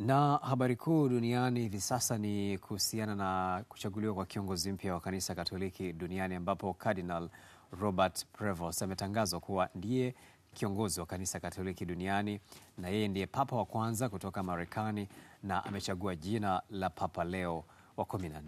Na habari kuu duniani hivi sasa ni kuhusiana na kuchaguliwa kwa kiongozi mpya wa kanisa Katoliki duniani ambapo Cardinal Robert Prevost ametangazwa kuwa ndiye kiongozi wa kanisa Katoliki duniani na yeye ndiye papa wa kwanza kutoka Marekani na amechagua jina la Papa Leo wa 14.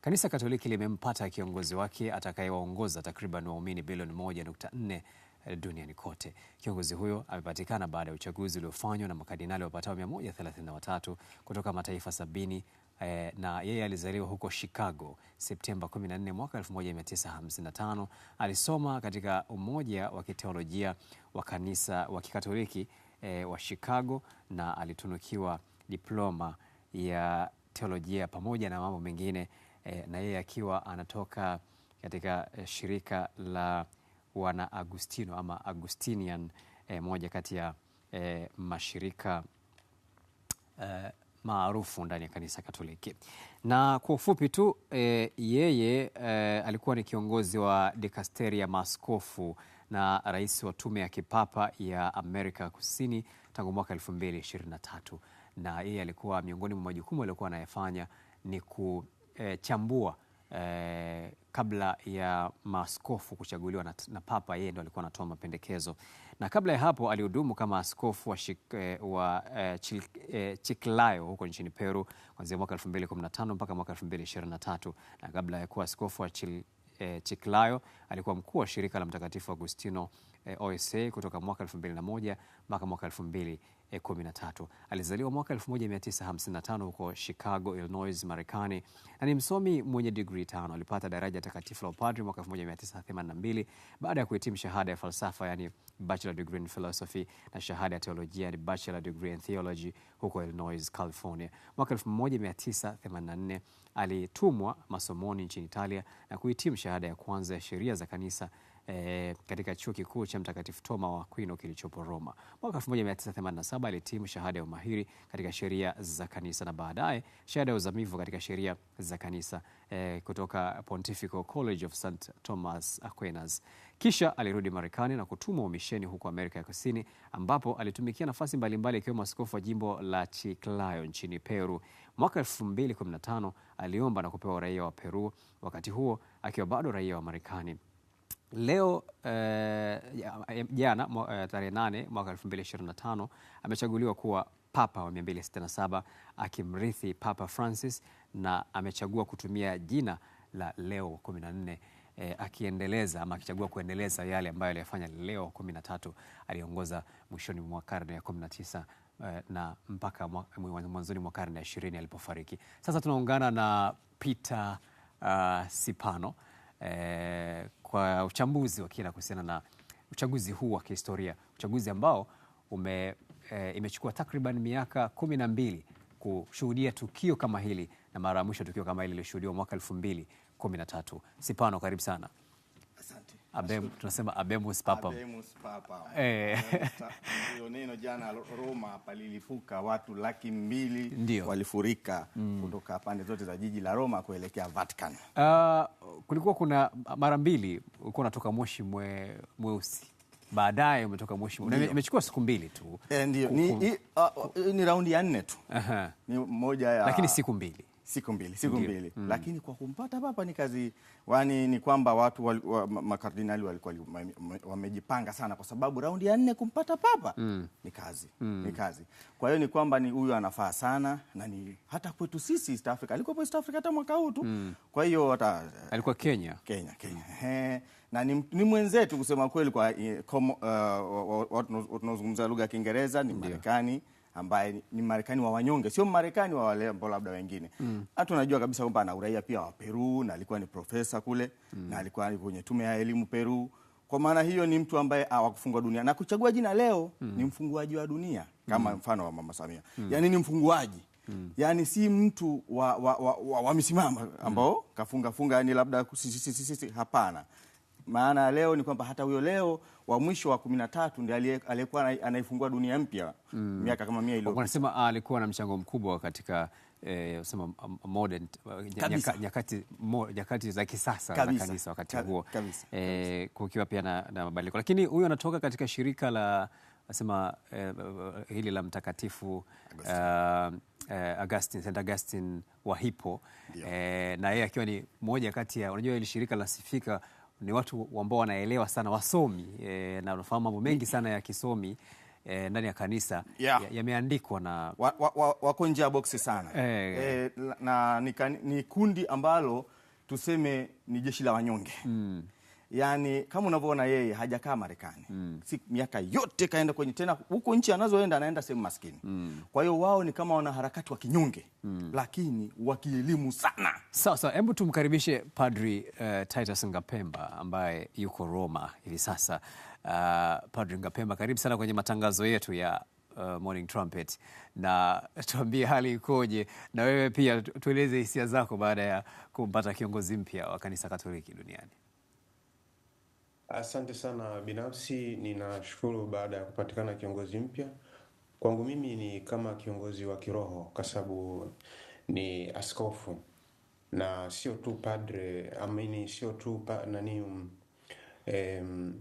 Kanisa Katoliki limempata kiongozi wake atakayewaongoza takriban waumini bilioni 1.4 Eh, duniani kote. Kiongozi huyo amepatikana baada ya uchaguzi uliofanywa na makardinali wapatao 133 kutoka mataifa sabini eh, na yeye alizaliwa huko Chicago Septemba 14 mwaka 1955. Alisoma katika umoja wa kiteolojia wa kanisa wa Kikatoliki e, wa Chicago na alitunukiwa diploma ya teolojia pamoja na mambo mengine e, na yeye akiwa anatoka katika shirika la wana Agustino ama Agustinian, e, moja kati ya e, mashirika e, maarufu ndani ya kanisa Katoliki. Na kwa ufupi tu e, yeye e, alikuwa ni kiongozi wa dikasteri ya maaskofu na rais wa tume ya kipapa ya Amerika Kusini tangu mwaka ishirini na yeye alikuwa miongoni mwa majukumu aliokuwa anayefanya ni kuchambua e, eh, kabla ya maaskofu kuchaguliwa na, na Papa, yeye ndo alikuwa anatoa mapendekezo, na kabla ya hapo alihudumu kama askofu wa, shik, eh, wa eh, chil, eh, Chiclayo huko nchini Peru kuanzia mwaka 2015 mpaka mwaka 2023, na kabla ya kuwa askofu wa chil, eh, Chiclayo alikuwa mkuu wa shirika la Mtakatifu Agustino eh, OSA kutoka mwaka 2001 mpaka mwaka 2013. Alizaliwa mwaka 1955 huko Chicago, Illinois, Marekani na ni msomi mwenye degree tano. Alipata daraja takatifu la upadri mwaka 1982 baada ya kuhitimu shahada ya falsafa, yani bachelor degree in philosophy na shahada ya teolojia, yani bachelor degree in theology huko Illinois, California. Mwaka 1984 alitumwa masomoni nchini Italia na kuhitimu shahada ya kwanza ya sheria za kanisa e, katika chuo kikuu cha Mtakatifu Toma wa Aquino kilichopo Roma. Mwaka 1987 alitimu shahada ya umahiri katika sheria za kanisa na baadaye shahada ya uzamivu katika sheria za kanisa e, kutoka Pontifical College of St Thomas Aquinas. Kisha alirudi Marekani na kutumwa umisheni huko Amerika ya Kusini ambapo alitumikia nafasi mbalimbali ikiwemo askofu wa jimbo la Chiclayo nchini Peru. Mwaka 2015 aliomba na kupewa uraia wa Peru, wakati huo akiwa bado raia wa Marekani. Leo eh, eh, jana uh, tarehe 8 mwaka 2025 amechaguliwa kuwa Papa wa 267 akimrithi Papa Francis na amechagua kutumia jina la Leo 14 eh, akiendeleza ama akichagua kuendeleza yale ambayo aliyafanya Leo 13 aliongoza mwishoni mwa karne ya 19 eh, na mpaka mwanzoni mwa karne ya 20 alipofariki. Sasa tunaungana na Peter uh, Sipano eh, kwa uchambuzi wa kina kuhusiana na uchaguzi huu wa kihistoria, uchaguzi ambao ume, e, imechukua takriban miaka kumi na mbili kushuhudia tukio kama hili na mara ya mwisho tukio kama hili lilishuhudiwa mwaka elfu mbili kumi na tatu. Sipano, karibu sana. Abem, tunasema abemus papam. Abemus papam. Eh. Neno jana Roma palilifuka watu laki mbili Ndiyo. walifurika mm. kutoka pande zote za jiji la Roma kuelekea Vatican. Uh, kulikuwa kuna mara mbili ulikuwa unatoka moshi mwe, mweusi baadaye umetoka moshi imechukua siku mbili tu. Eh, Ndiyo. Ni, ah, ni, uh, ni raundi ya nne tu. -huh. Ni moja ya... lakini siku mbili siku mbili siku Ndiyo. mbili mm. Lakini kwa kumpata papa ni kazi wani, ni kwamba watu wa, wa, makardinali walikuwa wamejipanga sana, kwa sababu raundi ya nne kumpata papa mm. ni kazi mm. ni kazi. Kwa hiyo ni kwamba ni huyu anafaa sana na ni hata kwetu sisi East Africa, alikuwa East Africa hata mwaka huu tu mm. kwa hiyo hata alikuwa Kenya Kenya Kenya mm. na ni, ni mwenzetu kusema kweli kwa uh, watu wanaozungumza lugha ya Kiingereza ni Marekani ambaye ni Marekani wa wanyonge, sio Marekani wa wale ambao labda wengine hata mm. Ah, Unajua kabisa kwamba ana uraia pia wa Peru na alikuwa ni profesa kule mm. na alikuwa kwenye tume ya elimu Peru. Kwa maana hiyo ni mtu ambaye hawakufungwa ah, dunia na kuchagua jina leo mm. ni mfunguaji wa dunia kama mm. mfano wa Mama Samia mm. yani ni mfunguaji mm. yaani si mtu wa, wa, wa, wa, wa misimama ambao mm. kafunga funga yani labda sisi, sisi, sisi, hapana maana ya leo ni kwamba hata huyo leo wa mwisho wa kumi na tatu ndiye aliyekuwa anaifungua dunia mpya mm. miaka kama mia iliyopita. Wanasema ah, alikuwa na mchango mkubwa katika eh, usema um, um, modern uh, nyaka, nyakati, mo, nyakati za kisasa za kanisa wakati huo eh, kukiwa pia na, na mabadiliko, lakini huyu anatoka katika shirika la nasema eh, eh, eh, hili la mtakatifu Augustine. Uh, eh, eh Augustine, Saint Augustine wa Hippo eh, na yeye akiwa ni moja kati ya unajua hili shirika la Sifika ni watu ambao wanaelewa sana wasomi e, na wanafahamu mambo mengi sana ya kisomi e, ndani ya kanisa yeah. Yameandikwa ya na wako wa, wa nje ya boksi sana e, e, na ni, ni kundi ambalo tuseme ni jeshi la wanyonge mm yani kama unavyoona yeye hajakaa Marekani mm. si miaka yote kaenda kwenye tena huko nchi anazoenda anaenda sehemu maskini mm. kwa hiyo wao ni kama wanaharakati wa kinyonge mm. lakini wakielimu sana. Sawa sawa, hebu tumkaribishe Padri uh, Titus Ngapemba ambaye yuko Roma hivi sasa. Uh, Padri Ngapemba, karibu sana kwenye matangazo yetu ya Uh, Morning Trumpet na tuambie hali ikoje, na wewe pia tueleze hisia zako baada ya kumpata kiongozi mpya wa kanisa Katoliki duniani. Asante sana. Binafsi ninashukuru baada ya kupatikana kiongozi mpya. Kwangu mimi ni kama kiongozi wa kiroho kwa sababu ni askofu na sio tu padre amini, sio tu pa, nani um, em,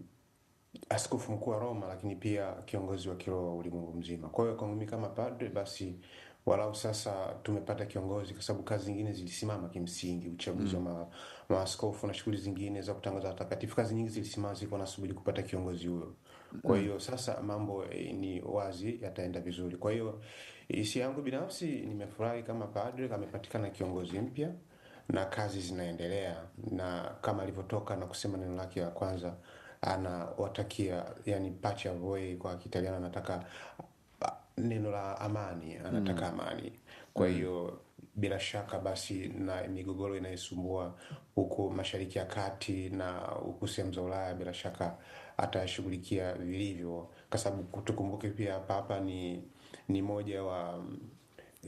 askofu mkuu wa Roma, lakini pia kiongozi wa kiroho ulimwengu mzima. Kwa hiyo kwangu mimi kama padre, basi walau sasa tumepata kiongozi, kwa sababu kazi zingine zilisimama kimsingi, uchaguzi wa mm. maaskofu ma na shughuli zingine za kutangaza watakatifu, kazi nyingi zilisimama, zilikuwa nasubiri kupata kiongozi huyo. Kwa mm. hiyo mm. sasa mambo eh, ni wazi yataenda vizuri. Kwa hiyo eh, hisia yangu binafsi, nimefurahi kama padre amepatikana kiongozi mpya na kazi zinaendelea, na kama alivyotoka na kusema neno lake la kwanza anawatakia yani pacha voi kwa Kitaliano, anataka neno la amani, anataka mm. amani. Kwa mm. hiyo mm. bila shaka basi na migogoro inayosumbua huko Mashariki ya Kati na huku sehemu za Ulaya bila shaka atashughulikia vilivyo, kwa sababu tukumbuke pia Papa ni, ni moja wa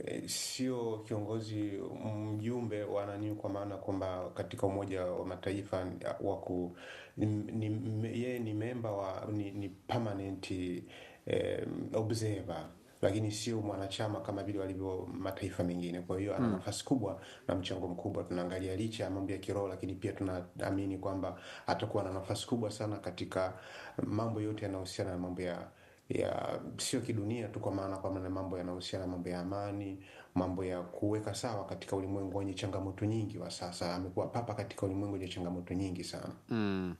e, sio kiongozi mjumbe wa nani, kwa maana kwamba katika Umoja wa Mataifa waku, ni, yeye ni memba wa ni, ni permanent eh, observer lakini sio mwanachama kama vile walivyo mataifa mengine. Kwa hiyo ana hmm. nafasi kubwa na mchango mkubwa, tunaangalia licha ya mambo ya kiroho, lakini pia tunaamini kwamba atakuwa na nafasi kubwa sana katika mambo yote yanayohusiana na mambo ya ya sio kidunia tu, kwa maana kwamba na mambo yanahusiana mambo ya amani, mambo ya kuweka sawa katika ulimwengu wenye changamoto nyingi wa sasa. Amekuwa papa katika ulimwengu wenye changamoto nyingi sana mm.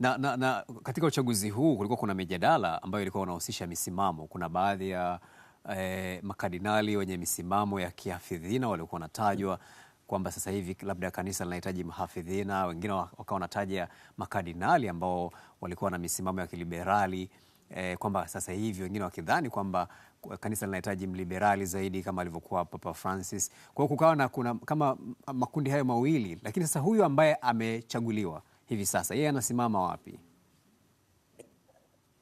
Na, na, na katika uchaguzi huu kulikuwa kuna mijadala ambayo ilikuwa unahusisha misimamo. Kuna baadhi ya eh, makardinali wenye misimamo ya kihafidhina waliokuwa wanatajwa kwamba sasa hivi labda kanisa linahitaji mahafidhina, wengine wakawa wanataja makardinali ambao walikuwa na misimamo ya kiliberali eh, kwamba sasa hivi wengine wakidhani kwamba kanisa linahitaji mliberali zaidi kama alivyokuwa Papa Francis. Kwa hiyo kukawa na kuna kama makundi hayo mawili, lakini sasa huyu ambaye amechaguliwa hivi sasa, yeye anasimama wapi?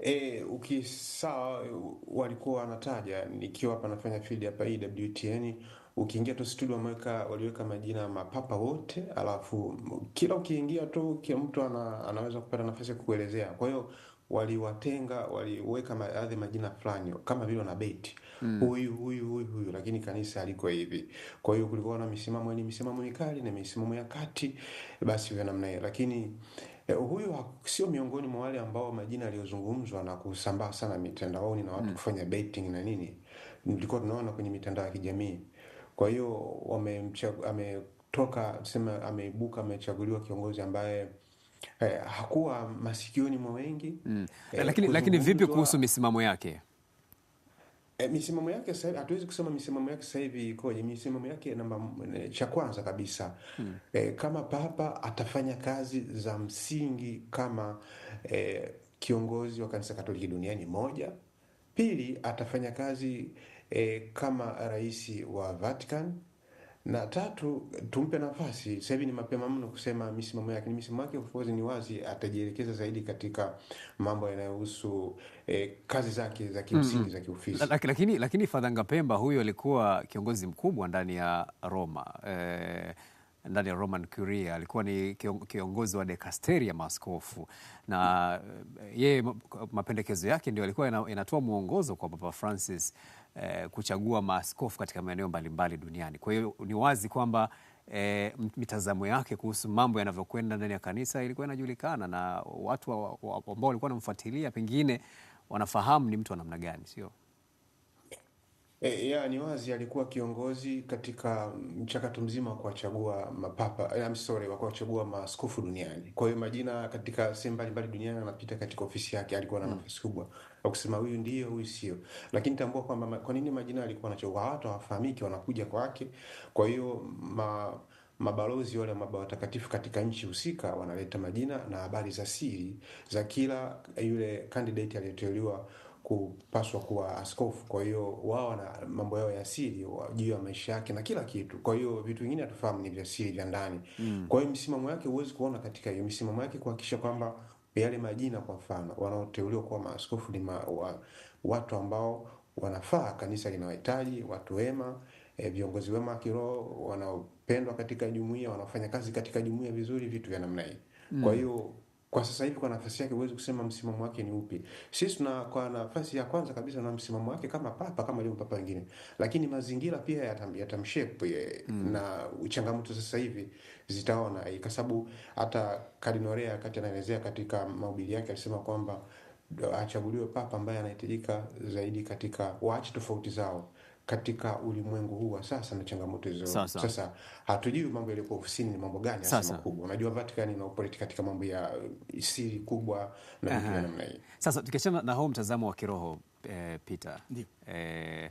E, eh, ukisawa walikuwa wanataja nikiwa hapa nafanya field hapa hii e WTN, ukiingia tu studio wameweka waliweka majina mapapa wote, alafu kila ukiingia tu kila mtu ana, anaweza kupata nafasi ya kukuelezea. Kwa hiyo waliwatenga waliweka baadhi majina fulani kama vile na huyu mm. huyu huyu huyu huyu, lakini kanisa aliko hivi. Kwa hiyo kulikuwa na misimamo ni misimamo mikali na misimamo ya kati, basi vya namna hiyo, lakini E, huyu sio miongoni mwa wale ambao majina yaliyozungumzwa na kusambaa sana mitandaoni na watu mm. kufanya betting na nini, nilikuwa tunaona kwenye mitandao ya kijamii. Kwa hiyo ametoka sema, ameibuka amechaguliwa kiongozi ambaye eh, hakuwa masikioni mwa wengi mm. eh, lakini, lakini vipi kuhusu misimamo yake? E, misimamo yake sasa hivi hatuwezi kusema misimamo yake sasa hivi ikoje. Misimamo yake namba, eh, cha kwanza kabisa hmm. E, kama papa atafanya kazi za msingi kama e, kiongozi wa kanisa Katoliki duniani moja. Pili, atafanya kazi e, kama rais wa Vatican na tatu tumpe nafasi. Sasa hivi ni mapema mno kusema misimamo yake, ni misimamo yake of ni wazi, atajielekeza zaidi katika mambo yanayohusu eh, kazi zake za kimsingi mm -hmm. za kiofisi. Lakini, lakini Fadhanga Pemba huyo alikuwa kiongozi mkubwa ndani ya Roma eh, ndani ya Roman Curia alikuwa ni kiongozi wa dekasteri ya maaskofu, na eh, yeye mapendekezo yake ndio alikuwa inatoa mwongozo kwa Papa Francis eh, kuchagua maaskofu katika maeneo mbalimbali duniani. Kwa hiyo ni wazi kwamba eh, mitazamo yake kuhusu mambo yanavyokwenda ndani ya kanisa ilikuwa inajulikana na watu ambao wa, wa, walikuwa wanamfuatilia pengine wanafahamu ni mtu wa namna gani, sio? E, ya, ni wazi alikuwa kiongozi katika mchakato mzima wa kuwachagua mapapa, I'm sorry, wa kuwachagua maaskofu duniani. Kwa hiyo majina katika sehemu mbalimbali duniani anapita katika ofisi yake, alikuwa na mm. nafasi kubwa wa kusema huyu ndiyo, huyu sio. Lakini tambua kwamba kwa nini majina alikuwa anachagua? Watu hawafahamiki, wanakuja kwake. Kwa hiyo ma, mabalozi wale ambao watakatifu katika nchi husika wanaleta majina na habari za siri za kila yule kandidati aliyeteuliwa kupaswa kuwa askofu. Kwa hiyo wao na mambo yao ya siri juu ya maisha yake na kila kitu. Kwa hiyo vitu vingine hatufahamu ni vya siri vya ndani mm. Kwa hiyo misimamo yake huwezi kuona katika hiyo misimamo yake, kuhakikisha kwamba yale majina, kwa mfano, wanaoteuliwa kuwa maaskofu ni ma, wa, watu ambao wanafaa kanisa linawahitaji, watu wema e, viongozi wema wa kiroho wanaopendwa katika jumuia, wanaofanya kazi katika jumuia vizuri, vitu vya namna hii mm. Kwa hmm. hiyo kwa sasa hivi kwa nafasi yake huwezi kusema msimamo wake ni upi. Sisi tuna kwa nafasi ya kwanza kabisa na msimamo wake kama papa, kama leo papa wengine, lakini mazingira pia yatamshape yata eh, mm. na changamoto sasa hivi zitaona, eh, kwa sababu hata Kardinali kati wakati anaelezea katika mahubiri yake alisema kwamba achaguliwe papa ambaye anahitajika zaidi katika waache tofauti zao katika ulimwengu huu wa sasa na changamoto hizo. Sasa, sasa hatujui mambo yaliyokuwa ofisini ni mambo gani hasa makubwa. Unajua Vatican ina operate katika mambo ya eh, siri kubwa na vitu namna hii. Sasa tukiachana na huo mtazamo wa kiroho eh, Peter eh,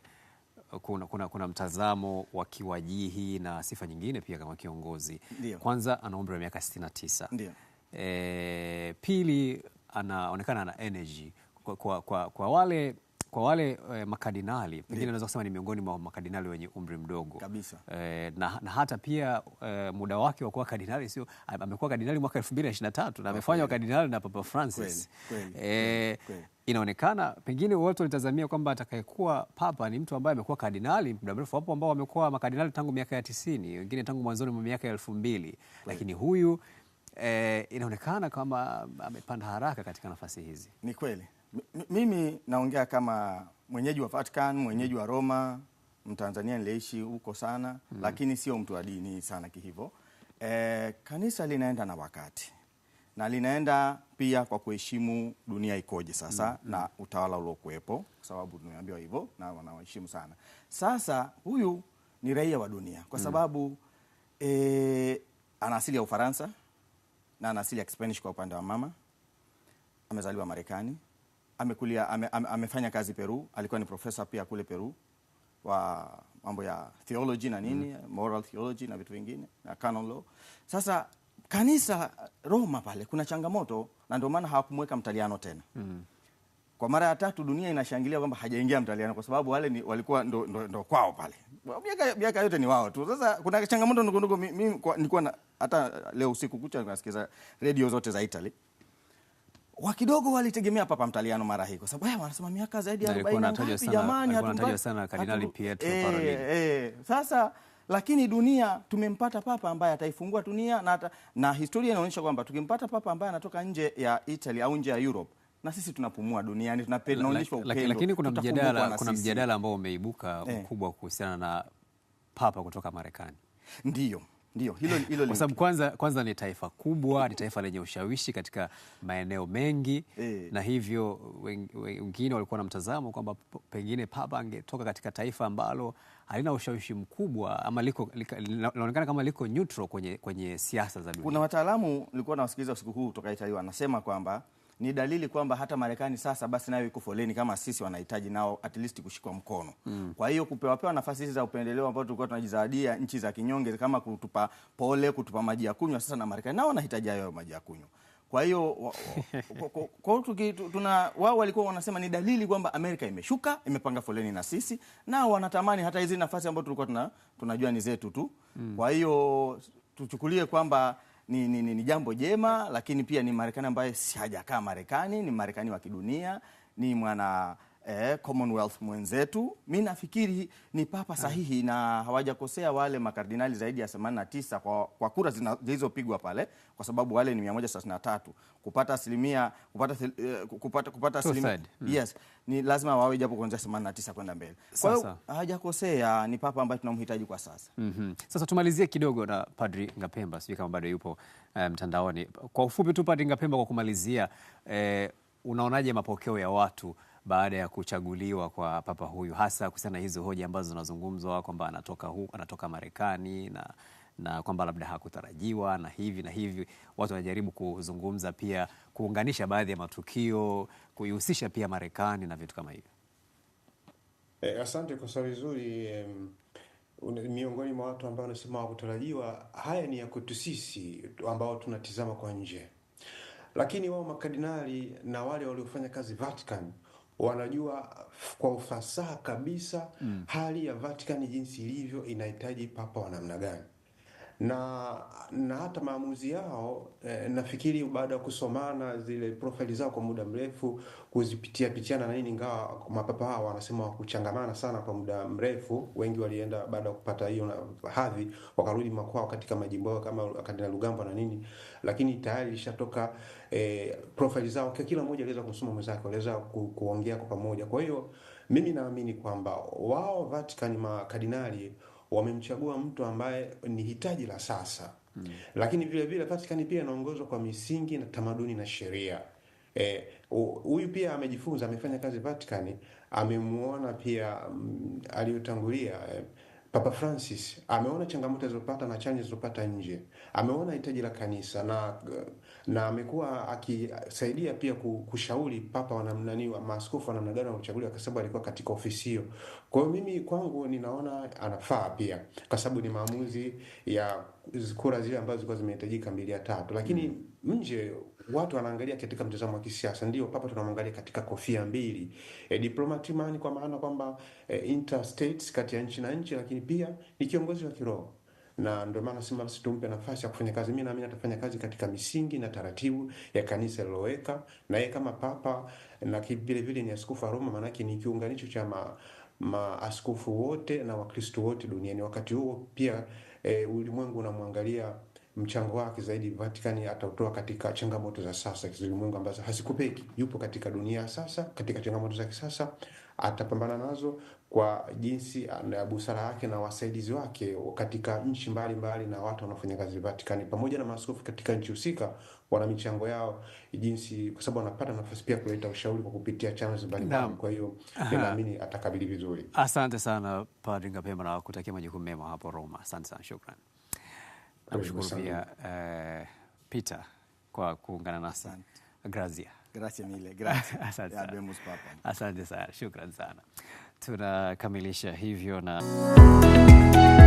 kuna, kuna, kuna mtazamo wa kiwajihi na sifa nyingine pia kama kiongozi. Ndiyo. Kwanza ana umri wa miaka 69. Eh, pili anaonekana ana energy kwa, kwa, kwa, kwa wale kwa wale eh, makadinali pengine naweza kusema ni miongoni mwa makadinali wenye umri mdogo kabisa eh, na, na hata pia eh, muda wake wa kuwa kadinali sio, amekuwa kadinali mwaka 2023 na amefanywa kadinali na Papa Francis kweli, kweli, eh, kweli. Inaonekana pengine watu walitazamia kwamba atakayekuwa papa ni mtu ambaye amekuwa kardinali muda mrefu. Wapo ambao wamekuwa makardinali tangu miaka ya tisini, wengine tangu mwanzoni mwa miaka ya elfu mbili, lakini huyu eh, inaonekana kama mm, amepanda haraka katika nafasi hizi. Ni kweli mimi naongea kama mwenyeji wa Vatican, mwenyeji wa Roma, Mtanzania niliishi huko sana mm. Lakini sio mtu wa dini sana kihivyo. E, eh, kanisa linaenda na wakati na linaenda pia kwa kuheshimu dunia ikoje sasa mm -hmm. na utawala uliokuwepo kwa sababu tumeambiwa hivyo na wanaheshimu sana. Sasa huyu ni raia wa dunia kwa mm. sababu mm -hmm. e, ana asili ya Ufaransa na ana asili ya Spanish kwa upande wa mama, amezaliwa Marekani amekulia ame, ame, amefanya kazi Peru, alikuwa ni profesa pia kule Peru wa mambo ya theology na nini mm. moral theology na vitu vingine na canon law. Sasa kanisa Roma pale kuna changamoto, na ndio maana hawakumweka Mtaliano tena mm. Kwa mara ya tatu dunia inashangilia kwamba hajaingia Mtaliano kwa sababu wale ni, walikuwa ndo, ndo, ndo kwao pale, miaka miaka yote ni wao tu. Sasa kuna changamoto ndogo ndogo, mimi nilikuwa hata leo usiku kucha nasikiza redio zote za Italy wa kidogo walitegemea Papa Mtaliano mara hii, kwa sababu eh, wanasema miaka zaidi ya 40 jamani, hatunatajwa sana Kardinali Pietro eh, eh, sasa lakini dunia tumempata papa ambaye ataifungua dunia na, ata, na historia inaonyesha kwamba tukimpata papa ambaye anatoka nje ya Italy au nje ya Europe na sisi tunapumua duniani, tunaonyeshwa upendo. Lakini kuna mjadala, kuna mjadala ambao umeibuka eh. mkubwa kuhusiana na papa kutoka Marekani. Ndiyo. Ndio, hilo hilo kwa sababu kwanza kwanza ni taifa kubwa, ni taifa lenye ushawishi katika maeneo mengi e, na hivyo wengine walikuwa na mtazamo kwamba pengine Papa angetoka katika taifa ambalo halina ushawishi mkubwa ama liko linaonekana kama liko neutral kwenye, kwenye siasa za dunia. Kuna wataalamu nilikuwa nawasikiliza usiku huu kutoka Italia wanasema kwamba ni dalili kwamba hata Marekani sasa basi nayo iko foleni kama sisi, wanahitaji nao at least kushikwa mkono mm. Kwa hiyo kupewa pewa nafasi hizi za upendeleo ambazo tulikuwa tunajizawadia nchi za kinyonge kama kutupa pole, kutupa maji ya kunywa, sasa na Marekani nao wanahitaji hayo maji ya kunywa. Kwa hiyo tuna wao walikuwa wanasema ni dalili kwamba Amerika imeshuka, imepanga foleni na sisi, nao wanatamani hata hizi nafasi ambazo tulikuwa tuna, tunajua ni zetu tu mm. Kwa hiyo tuchukulie kwamba ni, ni, ni, ni jambo jema, lakini pia ni Marekani ambaye si hajakaa Marekani, ni Marekani wa kidunia, ni mwana eh, Commonwealth mwenzetu. Mi nafikiri ni papa ah. sahihi na hawajakosea wale makardinali zaidi ya 89 kwa, kwa kura zilizopigwa pale, kwa sababu wale ni 133 kupata asilimia kupata, uh, kupata, kupata asilimia hmm. Yes, ni lazima wawe japo kuanzia 89 kwenda mbele. Kwa hiyo hawajakosea, ni papa ambaye tunamhitaji kwa sasa. mm -hmm. Sasa tumalizie kidogo na Padri Ngapemba, sijui kama bado yupo eh, mtandaoni. Um, kwa ufupi tu Padri Ngapemba, kwa kumalizia, eh, unaonaje mapokeo ya watu baada ya kuchaguliwa kwa papa huyu, hasa kuhusiana na hizo hoja ambazo zinazungumzwa kwamba anatoka huko, anatoka Marekani na na kwamba labda hakutarajiwa na hivi na hivi. Watu wanajaribu kuzungumza pia kuunganisha baadhi ya matukio, kuihusisha pia Marekani na vitu kama hivyo. Eh, asante kwa swali zuri. Um, miongoni mwa watu ambao wanasema hakutarajiwa, haya ni ya kwetu sisi ambao tunatizama kwa nje, lakini wao makardinali na wale waliofanya kazi Vatican wanajua kwa ufasaha kabisa mm. hali ya Vatican jinsi ilivyo inahitaji papa wa namna gani na na hata maamuzi yao eh, nafikiri baada ya kusomana zile profile zao kwa muda mrefu kuzipitia pitiana na nini, ingawa mapapa hao wanasema wakuchangamana sana kwa muda mrefu. Wengi walienda baada ya kupata hiyo hadhi, wakarudi makwao katika majimbo yao kama Kardinal Rugambwa na nini, lakini tayari ilishatoka eh, profile zao, kila mmoja aliweza kumsoma mwenzake, waliweza ku, kuongea kwa pamoja. Kwa hiyo mimi naamini kwamba wao Vatican makardinali wamemchagua mtu ambaye ni hitaji la sasa mm. Lakini vilevile Vatican pia inaongozwa kwa misingi na tamaduni na sheria. E, huyu e, pia amejifunza, amefanya kazi Vatican, amemwona pia mm, aliyotangulia e, Papa Francis ameona changamoto alizopata na chanje zilizopata nje, ameona hitaji la kanisa na uh, na amekuwa akisaidia pia kushauri papa wa wanamnani wa maaskofu wa namna gani wa kuchaguliwa, kwa sababu alikuwa katika ofisi hiyo. Kwa hiyo mimi kwangu ninaona anafaa pia, kwa sababu ni maamuzi ya kura zile ambazo zilikuwa zimehitajika mbili ya tatu, lakini mm. nje watu wanaangalia katika mtazamo wa kisiasa. Ndio papa tunamwangalia katika kofia mbili, e, diplomatic man kwa maana kwamba e, interstates kati ya nchi na nchi, lakini pia ni kiongozi wa kiroho na ndio maana sima basi tumpe nafasi ya kufanya kazi. Mimi naamini atafanya kazi katika misingi na taratibu ya kanisa liloweka, na yeye kama papa na vile vile ni askofu wa Roma, maanake ni kiunganisho cha ma, maaskofu wote na Wakristo wote duniani. Wakati huo pia e, ulimwengu unamwangalia mchango wake zaidi Vatikani atautoa katika changamoto za sasa kiulimwengu ambazo hazikupeki. Yupo katika dunia sasa, katika changamoto za kisasa atapambana nazo kwa jinsi ya uh, busara yake na wasaidizi wake katika nchi mbalimbali na watu wanaofanya kazi Vatican pamoja na maaskofu katika nchi husika wana michango yao jinsi, kwa sababu wanapata nafasi pia kuleta ushauri kwa kupitia channels mbalimbali. Kwa hiyo ninaamini atakabili vizuri. Asante sana Padre Ngapema na kutakia majukumu mema hapo Roma. Asante sana, shukran. Namshukuru pia uh, Peter kwa kuungana nasi. Grazia. Grazie mille, grazie. Asante sana. Asante sana. Shukran sana tunakamilisha hivyo na